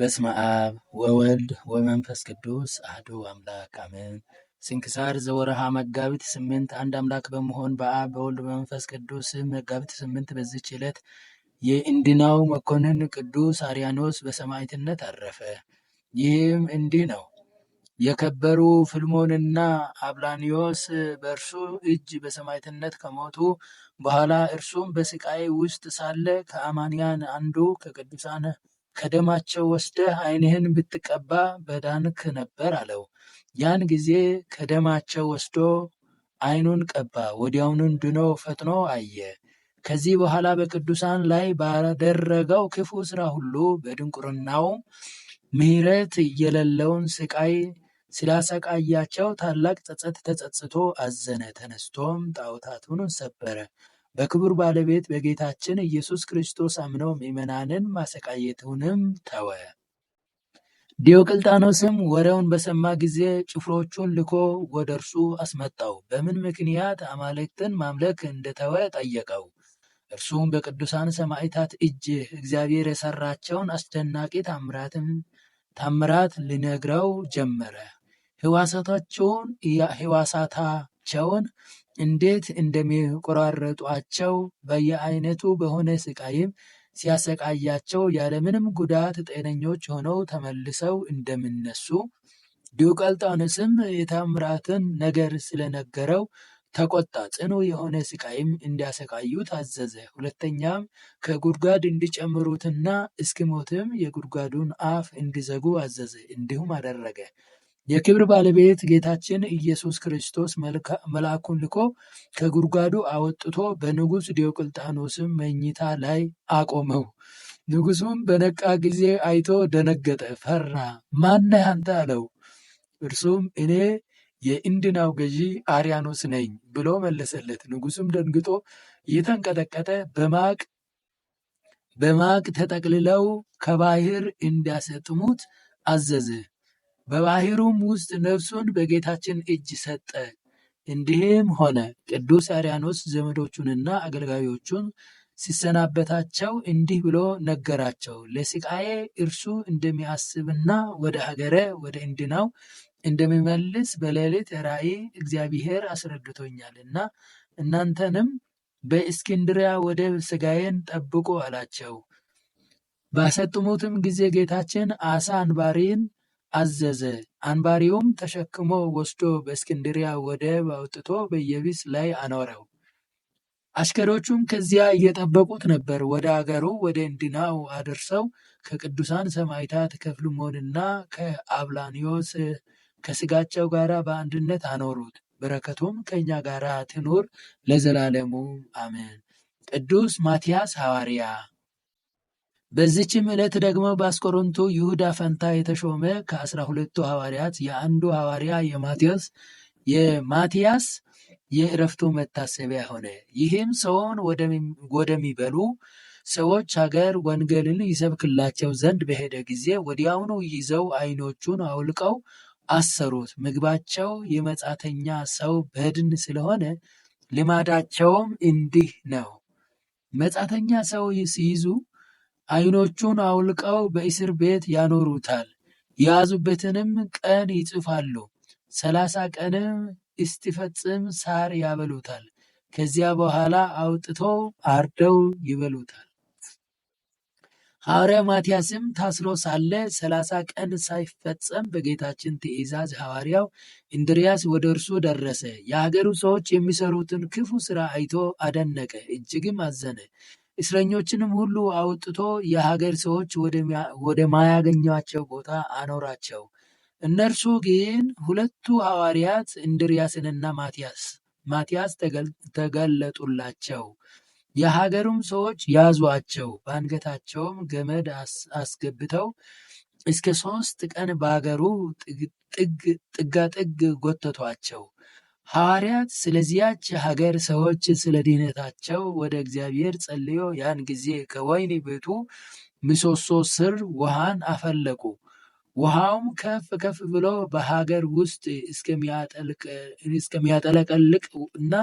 በስመ አብ ወወልድ ወመንፈስ ቅዱስ አሐዱ አምላክ አሜን። ስንክሳር ዘወረሃ መጋቢት ስምንት አንድ አምላክ በመሆን በአብ በወልድ በመንፈስ ቅዱስ መጋቢት ስምንት በዚች ዕለት የእንድናው መኮንን ቅዱስ አርያኖስ በሰማዕትነት አረፈ። ይህም እንዲህ ነው። የከበሩ ፍልሞንና አብላኒዮስ በእርሱ እጅ በሰማዕትነት ከሞቱ በኋላ እርሱም በስቃይ ውስጥ ሳለ ከአማንያን አንዱ ከቅዱሳን ከደማቸው ወስደህ ዓይንህን ብትቀባ በዳንክ ነበር አለው። ያን ጊዜ ከደማቸው ወስዶ ዓይኑን ቀባ፣ ወዲያውኑን ድኖ ፈጥኖ አየ። ከዚህ በኋላ በቅዱሳን ላይ ባደረገው ክፉ ሥራ ሁሉ በድንቁርናው ምሕረት የሌለውን ስቃይ ስላሰቃያቸው ታላቅ ጸጸት ተጸጽቶ አዘነ። ተነስቶም ጣዖታቱን ሰበረ። በክቡር ባለቤት በጌታችን ኢየሱስ ክርስቶስ አምነው ምዕመናንን ማሰቃየቱንም ተወ። ዲዮቅልጣኖስም ወሬውን በሰማ ጊዜ ጭፍሮቹን ልኮ ወደ እርሱ አስመጣው። በምን ምክንያት አማልክትን ማምለክ እንደተወ ጠየቀው። እርሱም በቅዱሳን ሰማዕታት እጅ እግዚአብሔር የሰራቸውን አስደናቂ ታምራት ሊነግረው ጀመረ። ህዋሳታ ራሳቸውን እንዴት እንደሚቆራረጧቸው በየአይነቱ በሆነ ስቃይም ሲያሰቃያቸው ያለምንም ጉዳት ጤነኞች ሆነው ተመልሰው እንደሚነሱ ዲዮቀልጣንስም የታምራትን ነገር ስለነገረው ተቆጣ። ጽኑ የሆነ ስቃይም እንዲያሰቃዩት አዘዘ። ሁለተኛም ከጉድጓድ እንዲጨምሩትና እስኪሞትም የጉድጓዱን አፍ እንዲዘጉ አዘዘ። እንዲሁም አደረገ። የክብር ባለቤት ጌታችን ኢየሱስ ክርስቶስ መልአኩን ልኮ ከጉድጓዱ አወጥቶ በንጉሥ ዲዮቅልጣኖስም መኝታ ላይ አቆመው። ንጉሱም በነቃ ጊዜ አይቶ ደነገጠ፣ ፈራ። ማነህ አንተ አለው። እርሱም እኔ የእንድናው ገዢ አርያኖስ ነኝ ብሎ መለሰለት። ንጉሱም ደንግጦ እየተንቀጠቀጠ በማቅ በማቅ ተጠቅልለው ከባህር እንዲያሰጥሙት አዘዘ። በባህሩም ውስጥ ነፍሱን በጌታችን እጅ ሰጠ። እንዲህም ሆነ፣ ቅዱስ አርያኖስ ዘመዶቹንና አገልጋዮቹን ሲሰናበታቸው እንዲህ ብሎ ነገራቸው። ለስቃዬ እርሱ እንደሚያስብና ወደ ሀገረ ወደ እንድናው እንደሚመልስ በሌሊት ራእይ እግዚአብሔር አስረድቶኛል እና እናንተንም በእስክንድሪያ ወደ ስጋዬን ጠብቁ አላቸው። ባሰጥሙትም ጊዜ ጌታችን አሳ አንባሪን አዘዘ። አንባሪውም ተሸክሞ ወስዶ በእስክንድሪያ ወደብ አውጥቶ በየቢስ ላይ አኖረው። አሽከሮቹም ከዚያ እየጠበቁት ነበር። ወደ አገሩ ወደ እንዲናው አድርሰው ከቅዱሳን ሰማዕታት ከፍልሞንና ከአብላኒዮስ ከስጋቸው ጋር በአንድነት አኖሩት። በረከቱም ከእኛ ጋር ትኑር ለዘላለሙ አሜን። ቅዱስ ማትያስ ሐዋርያ በዚችም ዕለት ደግሞ በአስቆሮንቱ ይሁዳ ፈንታ የተሾመ ከአስራ ሁለቱ ሐዋርያት የአንዱ ሐዋርያ የማቴዎስ የማቲያስ የእረፍቱ መታሰቢያ ሆነ። ይህም ሰውን ወደሚበሉ ሰዎች ሀገር ወንጌልን ይሰብክላቸው ዘንድ በሄደ ጊዜ ወዲያውኑ ይዘው ዓይኖቹን አውልቀው አሰሩት። ምግባቸው የመጻተኛ ሰው በድን ስለሆነ ልማዳቸውም እንዲህ ነው። መጻተኛ ሰው ሲይዙ ዓይኖቹን አውልቀው በእስር ቤት ያኖሩታል። የያዙበትንም ቀን ይጽፋሉ። ሰላሳ ቀንም እስኪፈጸም ሳር ያበሉታል። ከዚያ በኋላ አውጥቶ አርደው ይበሉታል። ሐዋርያ ማትያስም ታስሮ ሳለ ሰላሳ ቀን ሳይፈጸም በጌታችን ትእዛዝ ሐዋርያው እንድርያስ ወደ እርሱ ደረሰ። የአገሩ ሰዎች የሚሰሩትን ክፉ ሥራ አይቶ አደነቀ፣ እጅግም አዘነ። እስረኞችንም ሁሉ አውጥቶ የሀገር ሰዎች ወደማያገኟቸው ቦታ አኖራቸው። እነርሱ ግን ሁለቱ ሐዋርያት እንድርያስንና ማትያስ ተገለጡላቸው። የሀገሩም ሰዎች ያዟቸው፣ በአንገታቸውም ገመድ አስገብተው እስከ ሶስት ቀን በሀገሩ ጥጋጥግ ጎተቷቸው። ሐዋርያት ስለዚያች ሀገር ሰዎች ስለ ድህነታቸው ወደ እግዚአብሔር ጸልዮ ያን ጊዜ ከወይን ቤቱ ምሰሶ ስር ውሃን አፈለቁ። ውሃውም ከፍ ከፍ ብሎ በሀገር ውስጥ እስከሚያጠለቀልቅ እና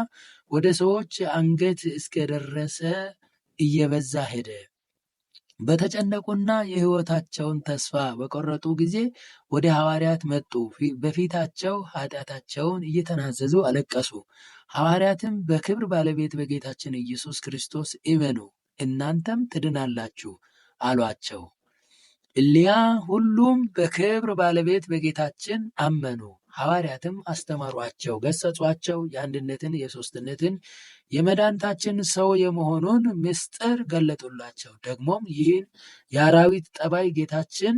ወደ ሰዎች አንገት እስከደረሰ እየበዛ ሄደ። በተጨነቁና የሕይወታቸውን ተስፋ በቆረጡ ጊዜ ወደ ሐዋርያት መጡ፣ በፊታቸው ኃጢአታቸውን እየተናዘዙ አለቀሱ። ሐዋርያትም በክብር ባለቤት በጌታችን ኢየሱስ ክርስቶስ እመኑ እናንተም ትድናላችሁ አሏቸው። እሊያ ሁሉም በክብር ባለቤት በጌታችን አመኑ። ሐዋርያትም አስተማሯቸው፣ ገሰጿቸው፣ የአንድነትን የሶስትነትን የመድኃኒታችን ሰው የመሆኑን ምስጢር ገለጡላቸው። ደግሞም ይህን የአራዊት ጠባይ ጌታችን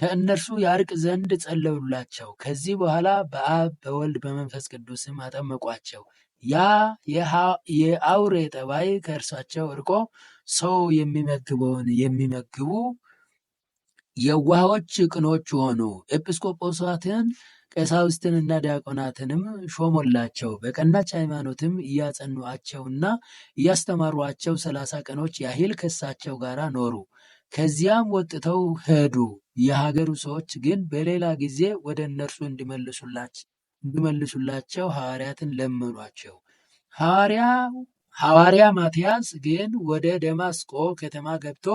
ከእነርሱ ያርቅ ዘንድ ጸለዩላቸው። ከዚህ በኋላ በአብ በወልድ በመንፈስ ቅዱስም አጠመቋቸው። ያ የአውሬ ጠባይ ከእርሳቸው እርቆ ሰው የሚመግበውን የሚመግቡ የዋሆች ቅኖች ሆኑ። ኤጲስቆጶሳትን ቀሳውስትንና ዲያቆናትንም ሾሞላቸው በቀናች ሃይማኖትም እያጸኑአቸውና እያስተማሯቸው ሰላሳ ቀኖች ያህል ከሳቸው ጋር ኖሩ። ከዚያም ወጥተው ሄዱ። የሀገሩ ሰዎች ግን በሌላ ጊዜ ወደ እነርሱ እንዲመልሱላቸው ሐዋርያትን ለመኗቸው። ሐዋርያ ማትያስ ግን ወደ ደማስቆ ከተማ ገብቶ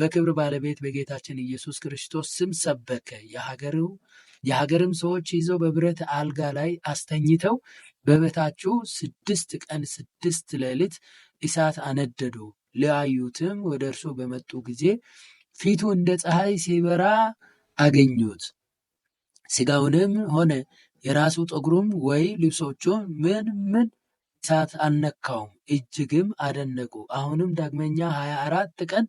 በክብር ባለቤት በጌታችን ኢየሱስ ክርስቶስ ስም ሰበከ። የሀገሩ የሀገርም ሰዎች ይዘው በብረት አልጋ ላይ አስተኝተው በበታችሁ ስድስት ቀን ስድስት ሌሊት እሳት አነደዱ። ሊያዩትም ወደ እርሱ በመጡ ጊዜ ፊቱ እንደ ፀሐይ ሲበራ አገኙት። ስጋውንም ሆነ የራሱ ጠጉሩም ወይ ልብሶቹ ምን ምን እሳት አልነካውም። እጅግም አደነቁ። አሁንም ዳግመኛ ሀያ አራት ቀን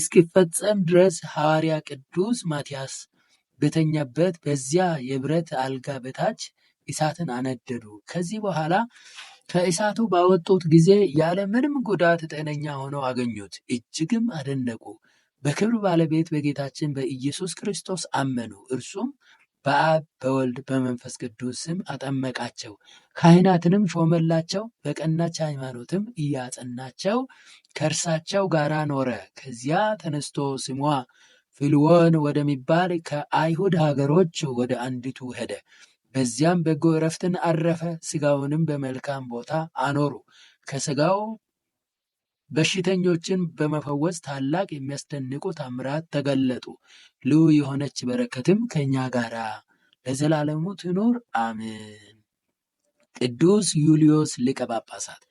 እስኪፈጸም ድረስ ሐዋርያ ቅዱስ ማቲያስ በተኛበት በዚያ የብረት አልጋ በታች እሳትን አነደዱ። ከዚህ በኋላ ከእሳቱ ባወጡት ጊዜ ያለምንም ጉዳት ጤነኛ ሆኖ አገኙት፣ እጅግም አደነቁ። በክብር ባለቤት በጌታችን በኢየሱስ ክርስቶስ አመኑ። እርሱም በአብ በወልድ በመንፈስ ቅዱስ ስም አጠመቃቸው። ካህናትንም ሾመላቸው፣ በቀናች ሃይማኖትም እያጸናቸው ከእርሳቸው ጋር ኖረ። ከዚያ ተነስቶ ስሟ ፍልዎን ወደሚባል ከአይሁድ ሀገሮች ወደ አንዲቱ ሄደ። በዚያም በጎ እረፍትን አረፈ። ስጋውንም በመልካም ቦታ አኖሩ። ከስጋው በሽተኞችን በመፈወስ ታላቅ የሚያስደንቁ ታምራት ተገለጡ። ልዩ የሆነች በረከትም ከእኛ ጋር ለዘላለሙ ትኑር አሜን። ቅዱስ ዩልዮስ ሊቀ ጳጳሳት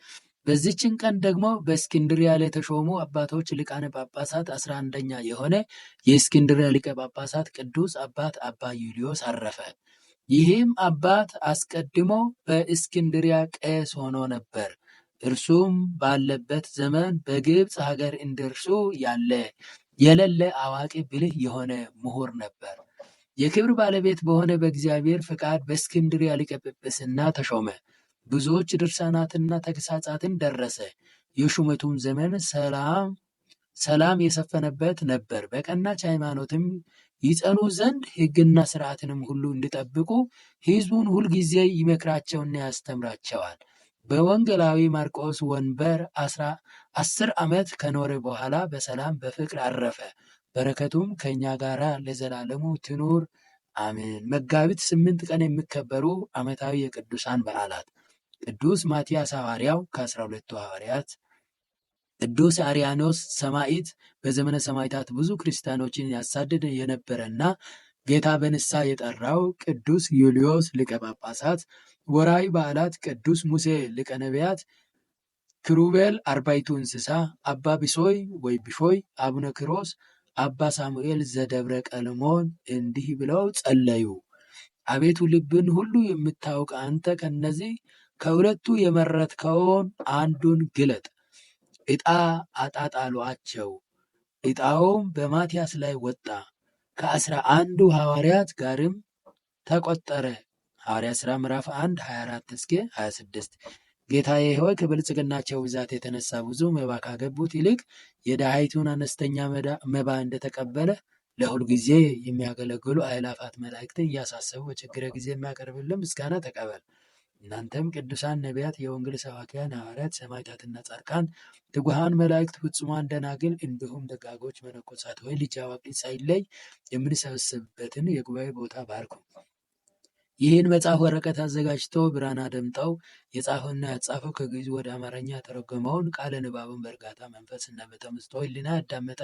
በዚችን ቀን ደግሞ በእስክንድሪያ ላይ የተሾሙ አባቶች ሊቃነ ጳጳሳት አስራ አንደኛ የሆነ የእስክንድሪያ ሊቀ ጳጳሳት ቅዱስ አባት አባ ዩልዮስ አረፈ። ይህም አባት አስቀድሞ በእስክንድሪያ ቄስ ሆኖ ነበር። እርሱም ባለበት ዘመን በግብፅ ሀገር እንደርሱ ያለ የሌለ አዋቂ ብልህ የሆነ ምሁር ነበር። የክብር ባለቤት በሆነ በእግዚአብሔር ፈቃድ በእስክንድሪያ ሊቀ ጵጵስና ተሾመ። ብዙዎች ድርሳናትና ተግሳጻትን ደረሰ። የሹመቱም ዘመን ሰላም ሰላም የሰፈነበት ነበር። በቀናች ሃይማኖትም ይጸኑ ዘንድ ሕግና ሥርዓትንም ሁሉ እንዲጠብቁ ሕዝቡን ሁልጊዜ ይመክራቸውና ያስተምራቸዋል። በወንጌላዊ ማርቆስ ወንበር አስር ዓመት ከኖረ በኋላ በሰላም በፍቅር አረፈ። በረከቱም ከእኛ ጋር ለዘላለሙ ትኑር አሜን። መጋቢት ስምንት ቀን የሚከበሩ ዓመታዊ የቅዱሳን በዓላት ቅዱስ ማትያስ ሐዋርያው ከአስራ ሁለቱ ሐዋርያት፣ ቅዱስ አርያኖስ ሰማዕት በዘመነ ሰማዕታት ብዙ ክርስቲያኖችን ያሳደደ የነበረና ጌታ በንሳ የጠራው ቅዱስ ዩልዮስ ሊቀ ጳጳሳት። ወራዊ በዓላት ቅዱስ ሙሴ ሊቀ ነቢያት፣ ኪሩቤል አርባይቱ እንስሳ፣ አባ ቢሶይ ወይ ቢፎይ፣ አቡነ ክሮስ፣ አባ ሳሙኤል ዘደብረ ቀልሞን እንዲህ ብለው ጸለዩ። አቤቱ ልብን ሁሉ የምታውቅ አንተ ከነዚህ ከሁለቱ የመረጥከውን አንዱን ግለጥ። ዕጣ አጣጣሏቸው። ዕጣውም በማትያስ ላይ ወጣ፣ ከአስራ አንዱ ሐዋርያት ጋርም ተቆጠረ። ሐዋርያ ሥራ ምዕራፍ 1 24 እስከ 26 ጌታዬ ሆይ ከብልጽግናቸው ብዛት የተነሳ ብዙ መባ ካገቡት ይልቅ የድሃይቱን አነስተኛ መባ እንደተቀበለ ለሁል ጊዜ የሚያገለግሉ አእላፋት መላእክትን እያሳሰቡ በችግረ ጊዜ የሚያቀርብልን ምስጋና ተቀበል። እናንተም ቅዱሳን ነቢያት፣ የወንጌል ሰባኪያን ሐዋርያት፣ ሰማዕታትና ጻድቃን፣ ትጉሃን መላእክት፣ ፍጹማን ደናግል እንዲሁም ደጋጎች መነኮሳት ወይ ልጅ አዋቂ ሳይለይ የምንሰበሰብበትን የጉባኤ ቦታ ባርኩ። ይህን መጽሐፍ ወረቀት አዘጋጅቶ ብራና ደምጠው የጻፈውና ያጻፈው ከግዕዝ ወደ አማርኛ የተረጎመውን ቃለ ንባቡን በእርጋታ መንፈስና በተመስጦ ሕሊና ያዳመጠ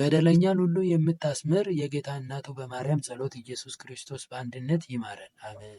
በደለኛን ሁሉ የምታስምር የጌታ እናቱ በማርያም ጸሎት ኢየሱስ ክርስቶስ በአንድነት ይማረን፣ አሜን።